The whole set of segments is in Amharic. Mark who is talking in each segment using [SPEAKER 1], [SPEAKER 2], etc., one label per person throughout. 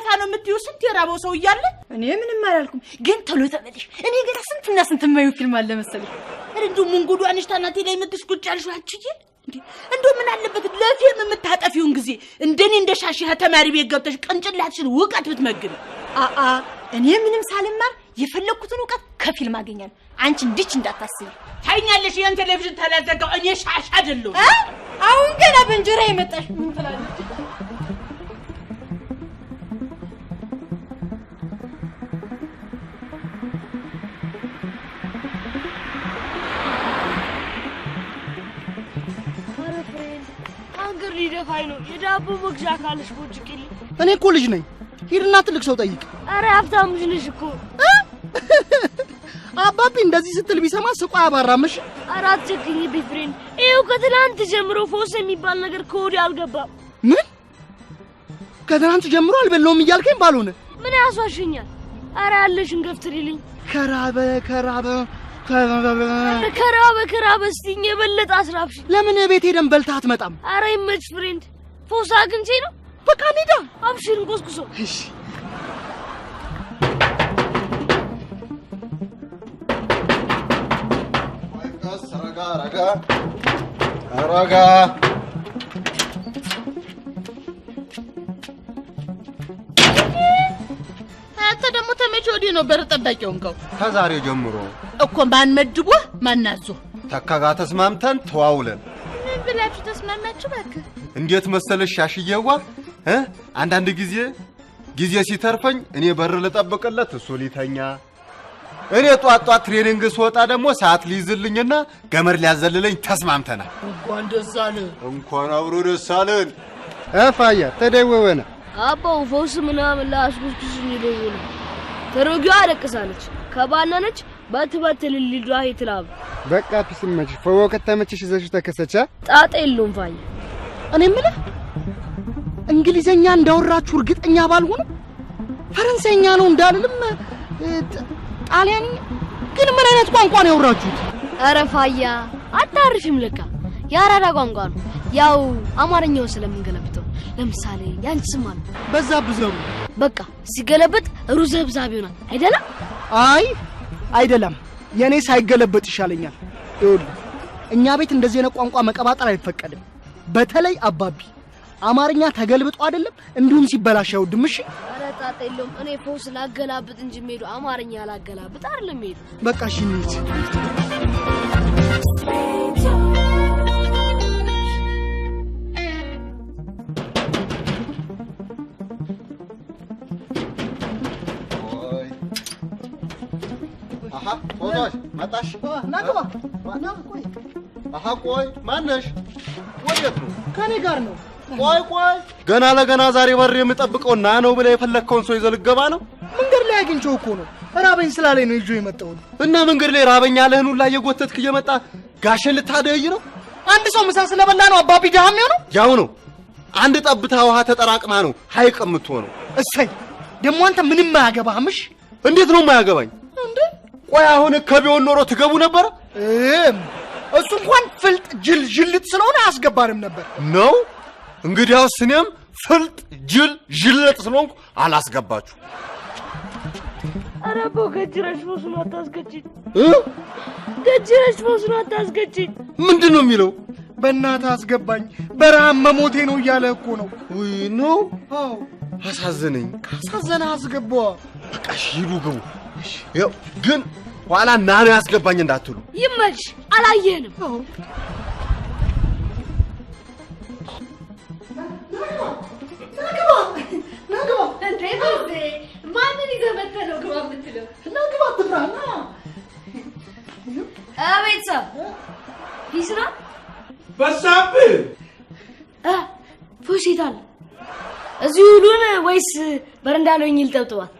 [SPEAKER 1] ለካ ነው የምትዩ ስንት የራበው ሰው እያለ
[SPEAKER 2] እኔ ምንም አላልኩም፣ ግን ቶሎ ተመለሽ። እኔ ገና ስንትና ስንት የማየው ፊልም አለ መሰለኝ። እንዲሁ ምንጉዱ አንሽታናቴ ላይ የምትሽ ቁጭ ያልሽው አንቺዬ እንዶ ምን አለበት ለፊልም የምታጠፊውን ጊዜ እንደኔ እንደ ሻሽህ ተማሪ ቤት ገብተሽ ቅንጭላትሽን እውቀት ብትመግብ። አአ እኔ ምንም ሳልማር የፈለግኩትን እውቀት ከፊልም አገኛለሁ። አንቺ እንድች እንዳታስቢ ታይኛለሽ። ያን ቴሌቪዥን ተላዘጋው እኔ ሻሽ አይደለሁ።
[SPEAKER 1] አሁን ገና በእንጀራ የመጣሽ ምን ትላለች? ሊደፋኝ ነው። የዳቦ መግዣ ካለሽ ቦጭቅልኝ።
[SPEAKER 2] እኔ እኮ ልጅ ነኝ። ሂድና ትልቅ ሰው ጠይቅ።
[SPEAKER 1] አረ ሀብታም ልጅ ነሽ እኮ።
[SPEAKER 2] አባቢ እንደዚህ ስትል ቢሰማ ስቆ አያባራምሽ።
[SPEAKER 1] አረ አትጨክኝብኝ ፍሬን። ይኸው ከትናንት ጀምሮ ፎስ የሚባል ነገር ከወዲ አልገባም።
[SPEAKER 2] ምን ከትናንት ጀምሮ አልበላውም እያልከኝ ባልሆነ
[SPEAKER 1] ምን ያሷሽኛል? አረ ያለሽን ገፍትሪልኝ።
[SPEAKER 2] ከራበ ከራበ
[SPEAKER 1] በከራ በከራ በስቲኝ የበለጠ አስራብሽ።
[SPEAKER 2] ለምን ቤት ሄደን በልታ አትመጣም?
[SPEAKER 1] አረ ይመች ፍሬንድ፣ ፎሳ አግኝቼ ነው። በቃ እንሂዳ። አብሽርን ጎስጉሶ።
[SPEAKER 2] እሺ
[SPEAKER 3] ረጋ ረጋ
[SPEAKER 1] አንተ ደግሞ ተመቼ ወዲህ ነው በር ጠባቂ ሆንከው?
[SPEAKER 3] ከዛሬ ጀምሮ
[SPEAKER 1] እኮ ማን መድቦ ማናዞ
[SPEAKER 3] ተካ ጋር ተስማምተን ተዋውለን።
[SPEAKER 1] ምን ብላችሁ ተስማማችሁ? እባክህ
[SPEAKER 3] እንዴት መሰለሽ ሻሽዬዋ፣ አንዳንድ ጊዜ ጊዜ ሲተርፈኝ እኔ በር ልጠብቅለት፣ እሱ ሊተኛ፣ እኔ ጧት ጧት ትሬኒንግ ስወጣ ደግሞ ሰዓት ሊይዝልኝና ገመድ ሊያዘልለኝ ተስማምተናል።
[SPEAKER 1] እንኳን ደስ አለን፣
[SPEAKER 3] እንኳን አብሮ ደስ አለን። አፋያ ተደወወነ
[SPEAKER 1] አባው ፈውስ ምናምን ለአስኩስኩስ ይደውላል። ተረጊዋ አለቅሳለች፣ ከባነነች በትበት ልልዷ ይትላብ
[SPEAKER 3] በቃ ትስመች ፈወ ከተመችሽ ዘሽ ተከሰቻ
[SPEAKER 1] ጣጣ የለውም ፋይ
[SPEAKER 2] እኔ የምልህ እንግሊዘኛ እንዳወራችሁ እርግጠኛ ባልሆንም ፈረንሳይኛ ነው እንዳልልም ጣሊያን ግን ምን አይነት ቋንቋ ነው ያወራችሁት?
[SPEAKER 1] ኧረ ፋያ አታርሽም። ለካ የአራዳ ቋንቋ ነው። ያው አማርኛው ስለምንገለብተው ለምሳሌ ያንቺ ስም አለ
[SPEAKER 2] በዛብህ ዘሩ።
[SPEAKER 1] በቃ ሲገለብጥ ሩዘብዛብ ይሆናል አይደለም?
[SPEAKER 2] አይ አይደለም የእኔ ሳይገለበጥ ይሻለኛል። ይወዱ እኛ ቤት እንደዚህ አይነት ቋንቋ መቀባጠር አይፈቀድም። በተለይ አባቢ አማርኛ ተገልብጦ አይደለም እንዲሁም ሲበላሽ አይወድም። እሺ
[SPEAKER 1] ኧረ ጣጣ የለውም። እኔ ፖስ ላገላብጥ እንጂ የምሄዱ አማርኛ ላገላብጥ አይደለም። ሄዱ
[SPEAKER 2] በቃ እሺ
[SPEAKER 3] መጣሽ?
[SPEAKER 1] ናግባ ና።
[SPEAKER 3] ቆይ አሀ፣ ቆይ ማነሽ? ወዴት ነው? ከኔ ጋር ነው። ቆይ ቆይ፣ ገና ለገና ዛሬ በር የምጠብቀው ና ነው ብለህ የፈለግከውን ሰው ይዘህ ልትገባ ነው?
[SPEAKER 2] መንገድ ላይ አግኝቼው እኮ ነው ራበኝ ስላለኝ ነው ይዤው የመጣሁት።
[SPEAKER 3] እና መንገድ ላይ ራበኛ ያለህን ሁላ እየጎተትክ እየመጣ ጋሽን ልታደይ ነው?
[SPEAKER 2] አንድ ሰው ምሳ ስለበላ ነው አባቢ ድሃ የሚሆነው?
[SPEAKER 3] ያው ነው። አንድ ጠብታ ውሃ ተጠራቅማ ነው ሀይቅ የምትሆነው።
[SPEAKER 2] እሰይ ደግሞ አንተ ምንም አያገባህምሽ።
[SPEAKER 3] እንዴት ነው የማያገባኝ እንዴ? ቆይ አሁን ከቢሆን ኖሮ ትገቡ ነበረ?
[SPEAKER 2] እሱ እንኳን ፍልጥ ጅል ዥልጥ ስለሆነ አያስገባንም ነበር።
[SPEAKER 3] ነው እንግዲያውስ እኔም ፍልጥ ጅል ዥለጥ ስለሆንኩ አላስገባችሁ።
[SPEAKER 1] ኧረ በው ገጅረሽ ፎሱን አታስገጭኝ፣ ገጅረሽ ፎሱን አታስገጭኝ።
[SPEAKER 3] ምንድን ነው የሚለው?
[SPEAKER 2] በእናትህ አስገባኝ፣ በረሃብ መሞቴ ነው እያለ እኮ ነው።
[SPEAKER 3] ውይ ነው? አዎ አሳዘነኝ።
[SPEAKER 2] ካሳዘነ አስገባዋ።
[SPEAKER 3] በቃ ሂዱ፣ ግቡ ይኸው ግን ኋላ ና ነው ያስገባኝ እንዳትሉ።
[SPEAKER 1] ይመች አላየንም። ማንን ይዘህ መጥተህ ነው ግባ የምትለው? እና ግባ ቤተሰብ ሁሉን ወይስ በረንዳ ላይ ይልጠብጥባል?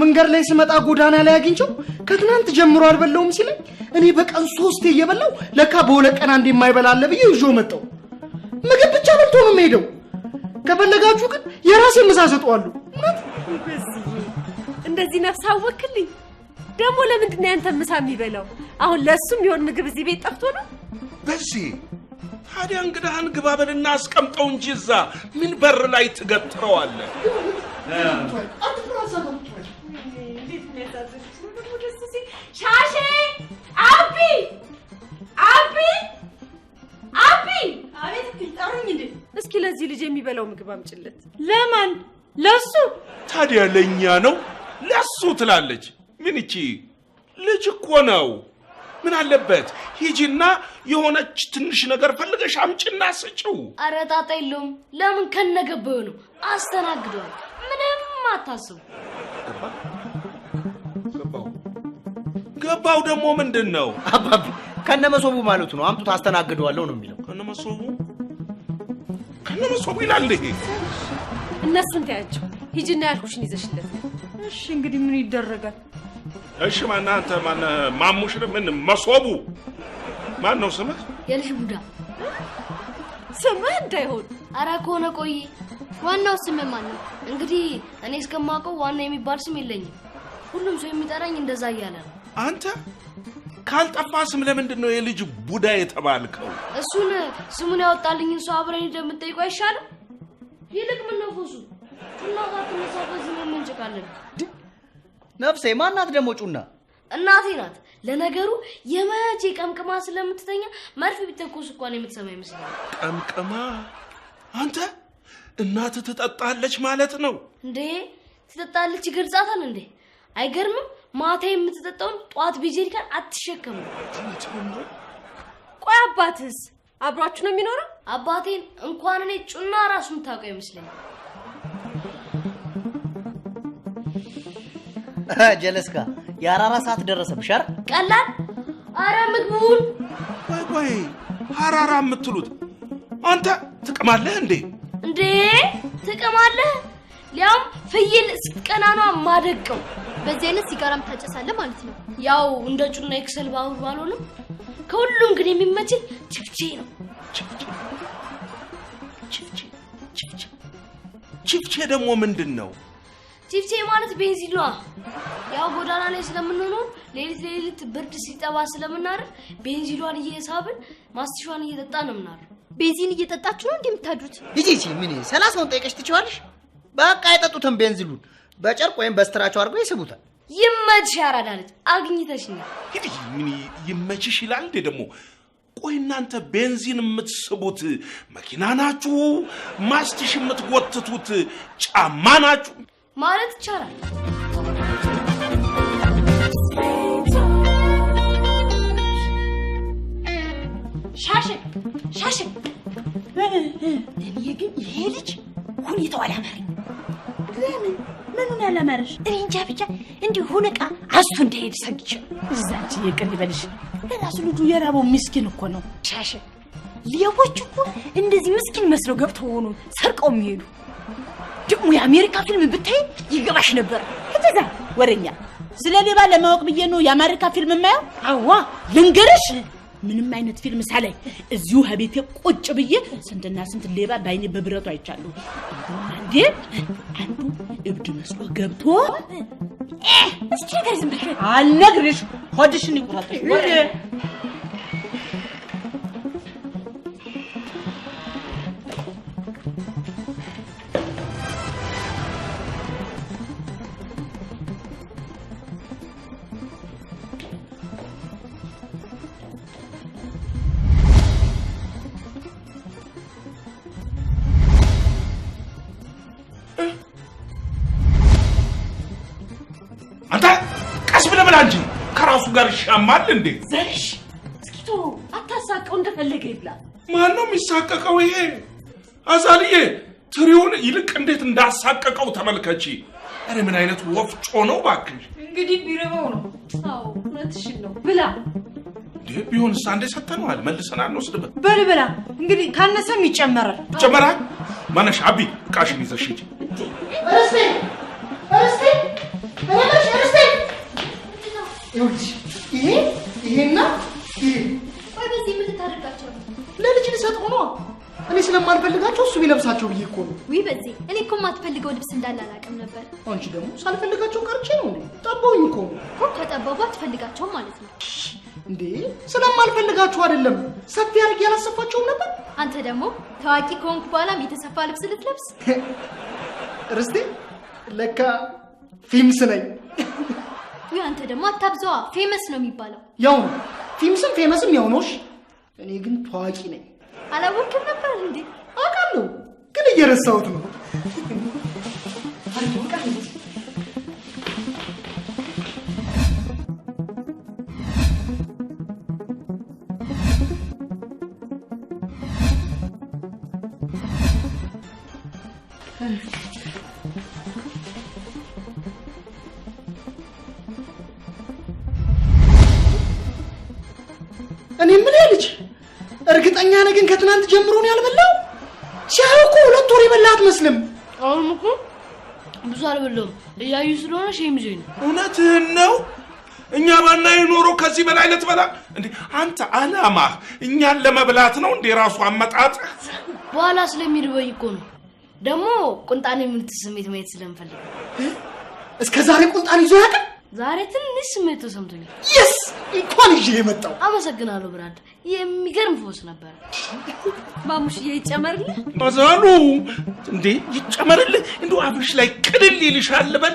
[SPEAKER 2] መንገድ ላይ ስመጣ ጎዳና ላይ አግኝቸው ከትናንት ጀምሮ አልበላውም ሲለኝ እኔ በቀን ሶስቴ እየበላው ለካ በሁለት ቀን አንድ የማይበላለ ብዬ ይዞ መጣው። ምግብ ብቻ በልቶ ነው የሚሄደው። ከፈለጋችሁ ግን የራሴ ምሳ ሰጠዋለሁ።
[SPEAKER 1] እንደዚህ ነፍስ አወክልኝ። ደግሞ ለምንድን ነው ያንተ ምሳ የሚበላው? አሁን ለእሱም የሆን ምግብ እዚህ ቤት ጠፍቶ ነው።
[SPEAKER 3] በዚህ ታዲያ እንግዳህን ግባ በልና አስቀምጠው እንጂ እዛ ምን በር ላይ ትገትረዋለህ?
[SPEAKER 1] ሻሼ አቢ እስኪ ለዚህ ልጅ የሚበላው ምግብ አምጪለት። ለማን? ለሱ።
[SPEAKER 3] ታዲያ ለኛ ነው ለሱ ትላለች። ምን እቺ ልጅ እኮ ነው። ምን አለበት ሂጂና የሆነች ትንሽ ነገር ፈልገሽ አምጭና ስጪው።
[SPEAKER 1] አረ ጣጣ የለውም። ለምን ከነገበው ነው አስተናግደዋል። ምንም አታስቡ።
[SPEAKER 3] የገባው ደግሞ ምንድን ነው?
[SPEAKER 2] አባቢ ከነ መሶቡ ማለቱ ነው። አምጡት አስተናግደዋለሁ ነው የሚለው።
[SPEAKER 3] ከነ መሶቡ ከነ መሶቡ ይላል ይሄ።
[SPEAKER 1] እነሱን ተያቸው፣ ሂጅና ያልኩሽን ይዘሽለት። እሺ እንግዲህ ምን ይደረጋል?
[SPEAKER 3] እሺ ማና አንተ ማነ ማሙሽ ምን መሶቡ ማን ነው ስምህ?
[SPEAKER 1] የልሽ ቡዳ ስምህ እንዳይሆን። አረ ከሆነ ቆይ፣ ዋናው ስምህ ማን ነው? እንግዲህ እኔ እስከማውቀው ዋና የሚባል ስም የለኝም። ሁሉም ሰው የሚጠራኝ እንደዛ እያለ ነው።
[SPEAKER 3] አንተ ካልጠፋ ስም ለምንድን ነው የልጅ ቡዳ የተባልከው?
[SPEAKER 1] እሱን ስሙን ያወጣልኝን ሰው አብረን እንደምጠይቁ አይሻልም? ይልቅ ምነው ፎሱ ጋር ትነሳ በዚህ ምን እንጭቃለን?
[SPEAKER 2] ነፍሴ ማናት ደግሞ ጩና?
[SPEAKER 1] እናቴ ናት። ለነገሩ የመቼ ቀምቅማ ስለምትተኛ መርፌ ቢተኮስ እንኳን የምትሰማ ይመስላል።
[SPEAKER 3] ቀምቅማ አንተ እናት ትጠጣለች ማለት ነው
[SPEAKER 1] እንዴ? ትጠጣለች ይገልጻታል እንዴ? አይገርምም። ማታ የምትጠጣውን ጠዋት በጀሪካን አትሸከም። ቆይ አባትስ አብሯችሁ ነው የሚኖረው? አባቴን እንኳን እኔ ጩና ራሱ የምታውቀው ይመስለኛል።
[SPEAKER 2] ጀለስካ የአራራ ሰዓት ደረሰብሽ አይደል?
[SPEAKER 1] ቀላል አረ ምግቡን
[SPEAKER 3] ቆይ ቆይ አራራ የምትሉት አንተ ትቅማለህ እንዴ?
[SPEAKER 1] እንዴ ትቅማለህ? ሊያውም ፍየል ስትቀና ማደቀው በዚህ አይነት ሲጋራም ታጨሳለ ማለት ነው። ያው እንደ ጩና ኤክሰል ባውር ባልሆንም ከሁሉም ግን የሚመችል ችፍቼ ነው።
[SPEAKER 3] ችፍቼ ደግሞ ምንድን ነው?
[SPEAKER 1] ማለት ቤንዚሏ። ያው ጎዳና ላይ ስለምንኖር ሌሊት ሌሊት ብርድ ሲጠባ ስለምናድር ቤንዚሏን እየሳብን ማስቲሿን እየጠጣ ነው ምናር። ቤንዚን እየጠጣችሁ ነው እንዴ የምታድሩት?
[SPEAKER 2] ምን ሰላሳውን ጠይቀሽ ትችዋለሽ። በቃ አይጠጡትም ቤንዚሉን በጨርቅ ወይም በስትራቸው አድርገው ይስቡታል።
[SPEAKER 1] ይመችሽ ያራዳ ልጅ አግኝተሽ ነው።
[SPEAKER 3] እንግዲህ ምን ይመችሽ ይላል እንዴ ደግሞ። ቆይ እናንተ ቤንዚን የምትስቡት መኪና ናችሁ? ማስቲሽ የምትጎትቱት ጫማ ናችሁ
[SPEAKER 1] ማለት ይቻላል። ሻሽን ሻሽን፣ ግን ይሄ ልጅ ሁኔታው አላማረኝ ለምን ምኑን ያለመረሽ? እኔ እንጃ ብቻ እንዲሁ ሁንቃ አሱ እንደሄድ ሰግቼ እዛች ይቅር ይበልሽ። ለራሱ ልጁ የራበው ምስኪን እኮ ነው። ሻሸ ሌቦች እኮ እንደዚህ ምስኪን መስለው ገብተው ሆኖ ሰርቀው የሚሄዱ ደግሞ የአሜሪካ ፊልም ብታይ ይገባሽ ነበር። እዛ ወረኛ ስለ ሌባ ለማወቅ ብዬ ነው የአሜሪካ ፊልም የማየው። አዋ ልንገርሽ ምንም አይነት ፊልም ሳላይ እዚሁ ከቤቴ ቁጭ ብዬ ስንትና ስንት ሌባ በአይኔ በብረቱ አይቻለሁ። አንዴ አንዱ እብድ መስሎ ገብቶ እስኪ ነገር ዝም ብለሽ አልነግርሽ ሆድሽን ይቁረጥሽ
[SPEAKER 3] ለምን አንቺ ከራሱ ጋር ይሻማል እንዴ?
[SPEAKER 1] ዘርሽ እስኪቶ አታሳቀው፣ እንደፈለገ ይብላ።
[SPEAKER 3] ማን ነው የሚሳቀቀው? ይሄ አዛልዬ ትሪውን ይልቅ እንዴት እንዳሳቀቀው ተመልከቺ። ኧረ ምን አይነት ወፍጮ ነው ባክሽ።
[SPEAKER 1] እንግዲህ ቢረባው ነው። አዎ እውነትሽን ነው። ብላ
[SPEAKER 3] እንዴ ቢሆን እሳ እንዴ ሰተነዋል፣ መልሰን አንወስድበት።
[SPEAKER 1] በል ብላ እንግዲህ፣ ካነሰም ይጨመራል።
[SPEAKER 3] ይጨመራል ማነሽ? አቢ እቃሽን ይዘሽ ሂጂ።
[SPEAKER 2] ይኸውልሽ ይሄ ይሄና ይሄ ቆይ፣ በዚህ ለልጅ እኔ ስለማልፈልጋቸው እሱ ቢለብሳቸው ብዬ እኮ ነው።
[SPEAKER 1] ውይ በዚህ እኔ እኮ የማትፈልገው ልብስ እንዳለ አላውቅም ነበር።
[SPEAKER 2] አንቺ ደግሞ ሳልፈልጋቸው ቀርቼ ነው እንዴ? ጠባውኝ እኮ ነው
[SPEAKER 1] እኮ። ከጠባቡ አትፈልጋቸውም ማለት ነው
[SPEAKER 2] እንዴ? ስለማልፈልጋቸው አይደለም። ሰፊ አድርጌ ያላሰፋቸውም ነበር።
[SPEAKER 1] አንተ ደግሞ ታዋቂ ከሆንኩ በኋላም የተሰፋ ልብስ ልትለብስ።
[SPEAKER 2] ርስቴ ለካ ፊምስ ነኝ።
[SPEAKER 1] ውይ አንተ ደግሞ አታብዘዋ፣ ፌመስ ነው የሚባለው።
[SPEAKER 2] ያው ነው ፊምስም ፌመስም ያው ነው። እኔ ግን ታዋቂ ነኝ።
[SPEAKER 1] አላወቅም ነበር እንዴ?
[SPEAKER 2] አውቃለሁ፣ ግን እየረሳሁት ነው። እርግጠኛ ነህ ግን ከትናንት ጀምሮ ነው ያልበላው? ሲያዩ እኮ ሁለት ወር የበላ አትመስልም።
[SPEAKER 1] አሁን እኮ ብዙ አልበላሁም እያዩ ስለሆነ ሼም ይዞኝ ነው።
[SPEAKER 3] እውነትህን ነው። እኛ ባናይ ኖሮ ከዚህ በላይ ልትበላ እንዴ? አንተ አላማ እኛን ለመብላት ነው እንዴ? ራሱ አመጣጥ
[SPEAKER 1] በኋላ ስለሚርበኝ እኮ ነው። ደግሞ ቁንጣኔ የምልት ስሜት ማየት ስለምፈልግ
[SPEAKER 2] እስከ ዛሬ ቁንጣኔ ይዞ ያውቃል?
[SPEAKER 1] ዛሬ ትንሽ ስሜት ተሰምቶኛል።
[SPEAKER 2] የስ እንኳን ይዤ የመጣው
[SPEAKER 1] አመሰግናለሁ። ብራድ የሚገርም ፎስ ነበር። ባሙሽ ይጨመርልህ።
[SPEAKER 3] ማዛኑ እንዴ ይጨመርልህ። እንዲ አብሽ ላይ ቅልል ይልሻል። በል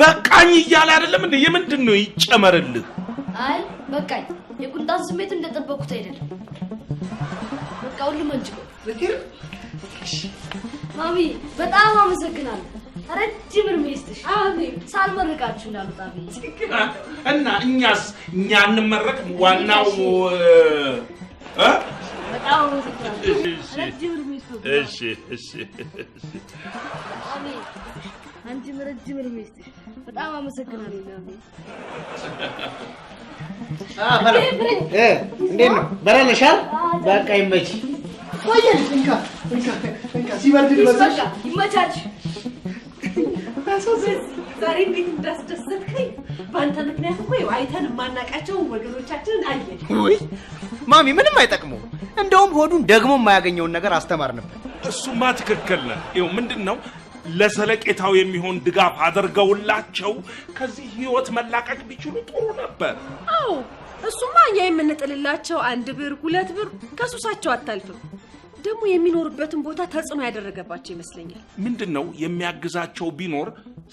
[SPEAKER 3] በቃኝ እያለ አይደለም እንዴ? የምንድን ነው ይጨመርልህ?
[SPEAKER 1] አይ በቃኝ። የቁንጣን ስሜት እንደጠበቁት አይደለም። በቃ ሁሉ መንጭቆ ማሚ፣ በጣም አመሰግናለሁ። ረጅም እድሜ ይስጥሽ። ሳልመርቃችሁ እንዳልወጣ
[SPEAKER 3] እና እኛስ እኛ እንመረቅ። ዋናው አንቺም
[SPEAKER 1] ረጅም እድሜ ይስጥሽ። በጣም አመሰግናለሁ።
[SPEAKER 2] እንዴት ነው? በረለሻል? በቃ ይመችሽ።
[SPEAKER 1] ሲበርድ ይመቻች ዛሬ እንዴት እንዳስደሰትከኝ በአንተ ምክንያት እኮ አይተን የማናቃቸውን ወገኖቻችንን
[SPEAKER 2] ውይ ማሚ ምንም አይጠቅሙ። እንደውም ሆዱን ደግሞ የማያገኘውን ነገር አስተማርንበት።
[SPEAKER 3] እሱማ ትክክል ነህ። ይኸው ምንድን ነው ለሰለቄታው የሚሆን ድጋፍ አድርገውላቸው ከዚህ ህይወት መላቀቅ ቢችሉ ጥሩ ነበር።
[SPEAKER 1] አዎ እሱማ እኛ የምንጥልላቸው አንድ ብር ሁለት ብር ከሱሳቸው አታልፍም። ደግሞ የሚኖሩበትን ቦታ ተጽዕኖ ያደረገባቸው ይመስለኛል።
[SPEAKER 3] ምንድን ነው የሚያግዛቸው ቢኖር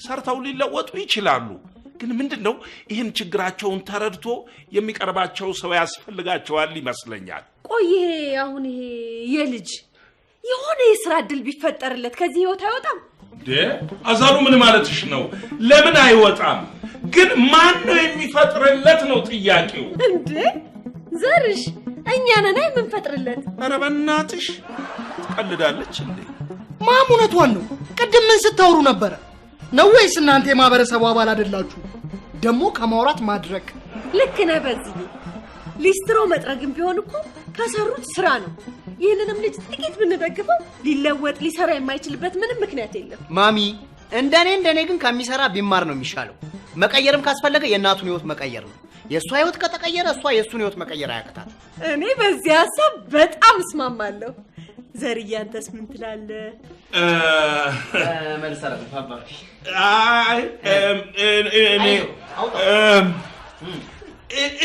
[SPEAKER 3] ሰርተው ሊለወጡ ይችላሉ። ግን ምንድን ነው ይህን ችግራቸውን ተረድቶ የሚቀርባቸው ሰው ያስፈልጋቸዋል ይመስለኛል።
[SPEAKER 1] ቆይ ይሄ አሁን ይሄ የልጅ የሆነ የስራ እድል ቢፈጠርለት ከዚህ ህይወት አይወጣም
[SPEAKER 3] እንዴ? አዛሩ ምን ማለትሽ ነው? ለምን አይወጣም? ግን ማን ነው የሚፈጥርለት ነው ጥያቄው
[SPEAKER 1] እንዴ? ዘርሽ እኛ ነን የምንፈጥርለት።
[SPEAKER 3] ኧረ በእናትሽ ትቀልዳለች እንዴ?
[SPEAKER 2] ማም እውነቷን ነው። ቅድም ምን ስታወሩ ነበረ? ነው ወይስ እናንተ የማህበረሰቡ አባል አይደላችሁ? ደግሞ ከማውራት ማድረግ
[SPEAKER 1] ልክ ነህ። በዚህ ሊስትሮ መጥረግም ቢሆን እኮ ከሰሩት ስራ ነው። ይህንንም ልጅ ጥቂት ብንደግፈው ሊለወጥ ሊሰራ የማይችልበት ምንም ምክንያት የለም።
[SPEAKER 2] ማሚ፣ እንደኔ እንደኔ ግን ከሚሰራ ቢማር ነው የሚሻለው። መቀየርም ካስፈለገ የእናቱን ህይወት መቀየር ነው። የእሷ ህይወት ከተቀየረ እሷ የእሱን ህይወት መቀየር አያቅታት።
[SPEAKER 1] እኔ በዚህ ሀሳብ በጣም እስማማለሁ። ዘርዬ፣ አንተስ ምን ትላለህ?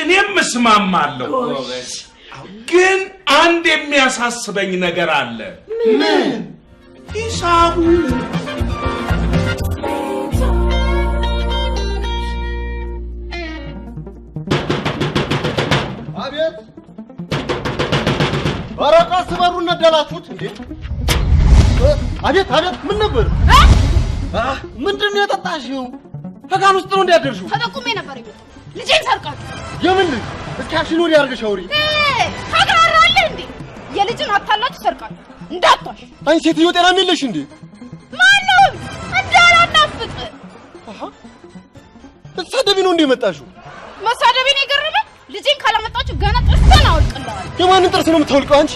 [SPEAKER 3] እኔም እስማማለሁ፣ ግን አንድ የሚያሳስበኝ ነገር አለ። ምን? ሂሳቡ አቤት። ወረቀት ስበሩ ነደላችሁት እንዴ? አቤት አቤት። ምን ነበር? ምንድን ነው የጠጣሽው? ከጋን ውስጥ ነው እንዲያደርሹ
[SPEAKER 1] ተጠቁሜ ነበር። ልጄን ሰርቃችሁ።
[SPEAKER 3] የምን ልጅ? እስኪ አሽን
[SPEAKER 1] እንዴ? የልጅን አታላችሁ ሰርቃችሁ
[SPEAKER 3] ሴትዮ ጤና የለሽ እንዴ?
[SPEAKER 1] ማነው እንዳላናፍጥ
[SPEAKER 3] ነው እንዴ መጣሽው?
[SPEAKER 1] መሳደቢ ልጄን ካላመጣችሁ ገና ጥርሷን አውልቅለዋል።
[SPEAKER 3] የማንን ጥርስ ነው የምታወልቀው አንቺ?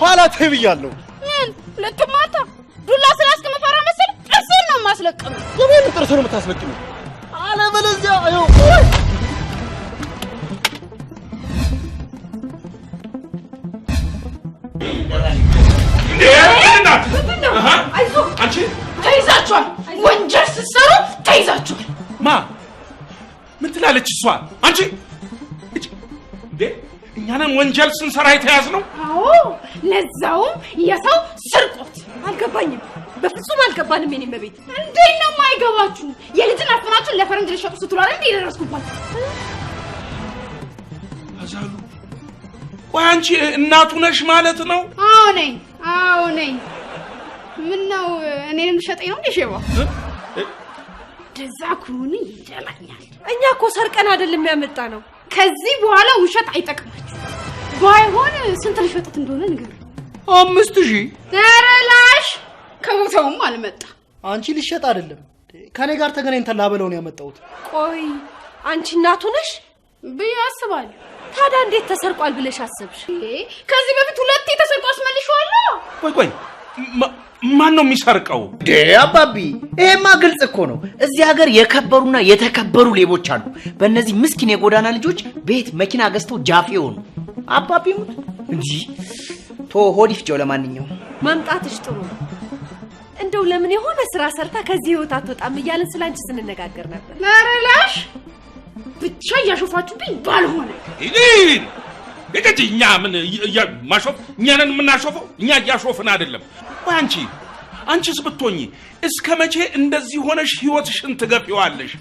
[SPEAKER 3] ኋላ ተይ ብያለሁ።
[SPEAKER 1] ምን ሁለቱም ማታ ዱላ ስላስክ መፈራ መሰል ጥርስን ነው የማስለቅም።
[SPEAKER 3] የማንን ጥርስ ነው የምታስለቅም?
[SPEAKER 1] አለበለዚያ አዩ ተይዛችኋል። ወንጀል ስትሰሩ ተይዛችኋል።
[SPEAKER 3] ማ ምን ትላለች እሷ አንቺ እንዴ እኛንም ወንጀል ስንሰራ የተያዝ ነው።
[SPEAKER 1] አዎ ለዛውም የሰው ስርቆት። አልገባኝም፣ በፍጹም አልገባንም። የኔ መቤት እንዴት ነው ማይገባችሁ? የልጅን አፍናችሁን ለፈረንጅ ልሸጡ ስትሉ አይደል እንዴ የደረስኩባት?
[SPEAKER 3] አዛሉ ቆይ አንቺ እናቱ ነሽ ማለት ነው?
[SPEAKER 1] አዎ ነኝ፣ አዎ ነኝ። ምን ነው እኔንም ልሸጠኝ ነው እንዴ ሼባ? እንደዛ ከሆነ ይደላኛል። እኛ እኮ ሰርቀን አይደል ያመጣ ነው ከዚህ በኋላ ውሸት አይጠቅማችሁ። ባይሆን ስንት ሊሸጡት እንደሆነ ንገር።
[SPEAKER 3] አምስት ሺህ
[SPEAKER 1] ተረላሽ ላሽ ከቦታውም አልመጣ።
[SPEAKER 2] አንቺ ሊሸጥ አይደለም ከኔ ጋር ተገናኝተን ላበለው ነው ያመጣሁት።
[SPEAKER 1] ቆይ አንቺ እናቱ ነሽ ብዬ አስባለሁ። ታዲያ እንዴት ተሰርቋል ብለሽ አሰብሽ? ከዚህ በፊት ሁለቴ ተሰርቆ አስመልሼዋለሁ።
[SPEAKER 3] ቆይ ቆይ ማን ነው የሚሰርቀው?
[SPEAKER 2] አባቢ ይሄማ ግልጽ እኮ ነው። እዚህ ሀገር የከበሩና የተከበሩ ሌቦች አሉ። በእነዚህ ምስኪን የጎዳና ልጆች ቤት፣ መኪና ገዝተው ጃፌ ሆኑ። አባቢ ሙት እንጂ ቶ ሆድ ይፍጨው። ለማንኛውም
[SPEAKER 1] መምጣትሽ ጥሩ ነው። እንደው ለምን የሆነ ስራ ሰርታ ከዚህ ህይወት አትወጣም እያለን ስለ አንቺ ስንነጋገር ነበር። ለረላሽ ብቻ እያሾፋችሁብኝ ባልሆነ
[SPEAKER 3] እንግዲህ እኛ ምን ማሾፍ እኛንን የምናሾፈው? እኛ እያሾፍን አይደለም። አንቺ አንቺስ ብትሆኚ እስከ መቼ እንደዚህ ሆነሽ ህይወትሽን ትገፊዋለሽ?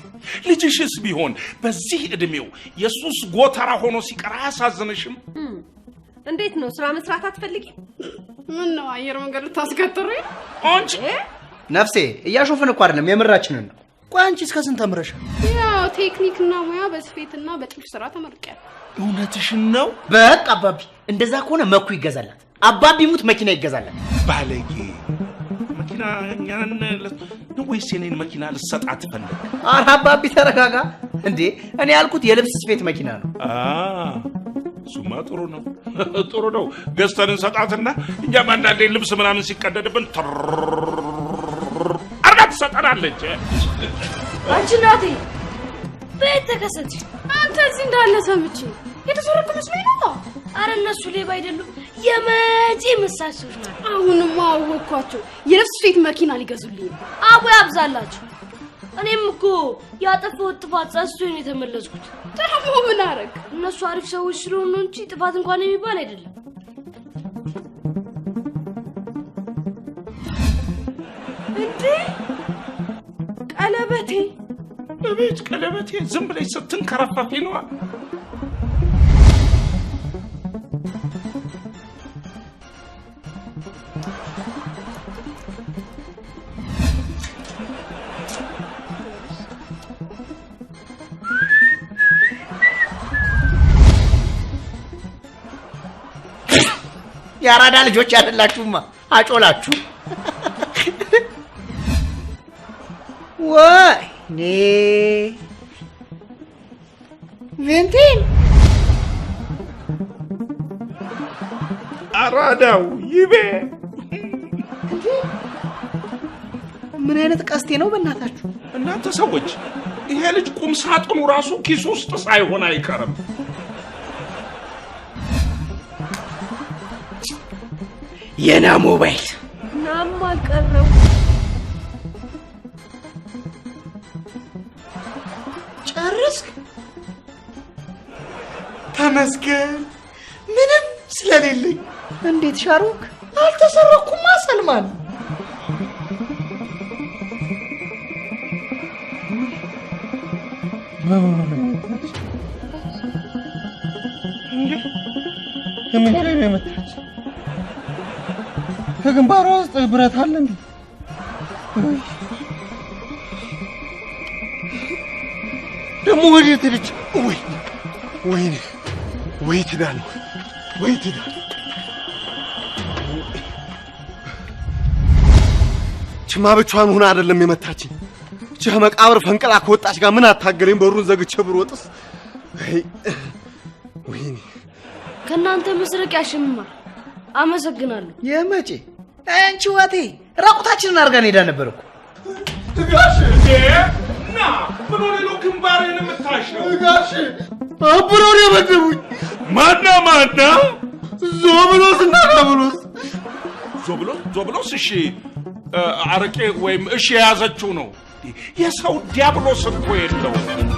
[SPEAKER 3] ልጅሽስ ቢሆን በዚህ እድሜው የሱስ ጎተራ ሆኖ ሲቀር አያሳዝንሽም?
[SPEAKER 1] እንዴት ነው ስራ መስራት አትፈልጊም? ምን ነው አየር መንገድ ልታስገጥሪ?
[SPEAKER 3] አንቺ
[SPEAKER 2] ነፍሴ እያሾፍን እኮ አይደለም የምራችንን ነው ቆይ አንቺ እስከ ስንት ተምረሻል?
[SPEAKER 1] ያው ቴክኒክና ሙያ በስፌትና በጥልፍ ስራ ተመርቄያለሁ።
[SPEAKER 3] እውነትሽን ነው?
[SPEAKER 2] በቃ አባቢ፣ እንደዛ ከሆነ መኩ ይገዛላት። አባቢ ሙት መኪና ይገዛላት።
[SPEAKER 3] ባለጌ መኪና እኛን ወይስ የኔን መኪና ልሰጣት ፈለግ?
[SPEAKER 2] ኧረ አባቢ ተረጋጋ እንዴ። እኔ ያልኩት የልብስ ስፌት መኪና ነው።
[SPEAKER 3] እሱማ ጥሩ ነው፣ ጥሩ ነው። ገዝተን እንሰጣትና እኛም አንዳንዴ ልብስ ምናምን ሲቀደድብን ትሰጠናለች። አንቺ እናቴ በየት ተከሰትሽ? አንተ እዚህ እንዳለ ሰምቼ የተሰረቀ መስሎኝ ነው። አረ እነሱ ሌባ አይደሉም፣ የመጪ መሳሾች ናቸው። አሁንማ አወቅኳቸው፣ የነፍስ ሴት መኪና ሊገዙልኝ። አቦ ያብዛላችሁ። እኔም እኮ ያጠፋሁት ጥፋት ጸጽቶ ነው የተመለስኩት። ደግሞ ምን አረግ? እነሱ አሪፍ ሰዎች ስለሆኑ እንጂ ጥፋት እንኳን የሚባል አይደለም። እንዴ ቀለበቴ በቤት ቀለበቴ ዝም ብለሽ ስትንከረፈፊ ነዋ። የአራዳ ልጆች ያደላችሁማ አጮላችሁ። Nee. ቬንቴን አራዳው ይቤ ምን አይነት ቀስቴ ነው? በእናታችሁ እናንተ ሰዎች፣ ይሄ ልጅ ቁም ሳጥኑ ራሱ ኪስ ውስጥ ሳይሆን አይቀርም። የና ሞባይል ናም አልቀረው ጨረስክ? ተመስገን፣ ምንም ስለሌለኝ። እንዴት ሻሩክ? አልተሰረኩማ ሰልማን። ከምን የመታች? ከግንባሯ ውስጥ ብረት አለ እንዴ? ደግሞ ወዴት ሄደች? ወይ ወይ ወይ ትዳር ነው፣ ወይ ትዳር ችማ ብቻዋን ሆና አይደለም የመታችኝ። ችህ መቃብር ፈንቅላ ከወጣች ጋር ምን አታገለኝ። በሩን ዘግቼ ብሮጥስ? ወይ ከእናንተ ምስረቅ ያሽማ። አመሰግናለሁ። የመጪ አንቺ ወቴ ራቁታችንን አድርጋን ሄዳ ነበር እኮ ትጋሽ ና አብሮን ነው ግንባሬን የምታሸው። ጋሽ አብሮን የመደቡኝ ማና ማና ዞብሎስ እና ዞብሎስ ዞብሎስ እሺ አረቄ ወይም እሺ የያዘችው ነው። የሰው ዲያብሎስ እኮ የለውም።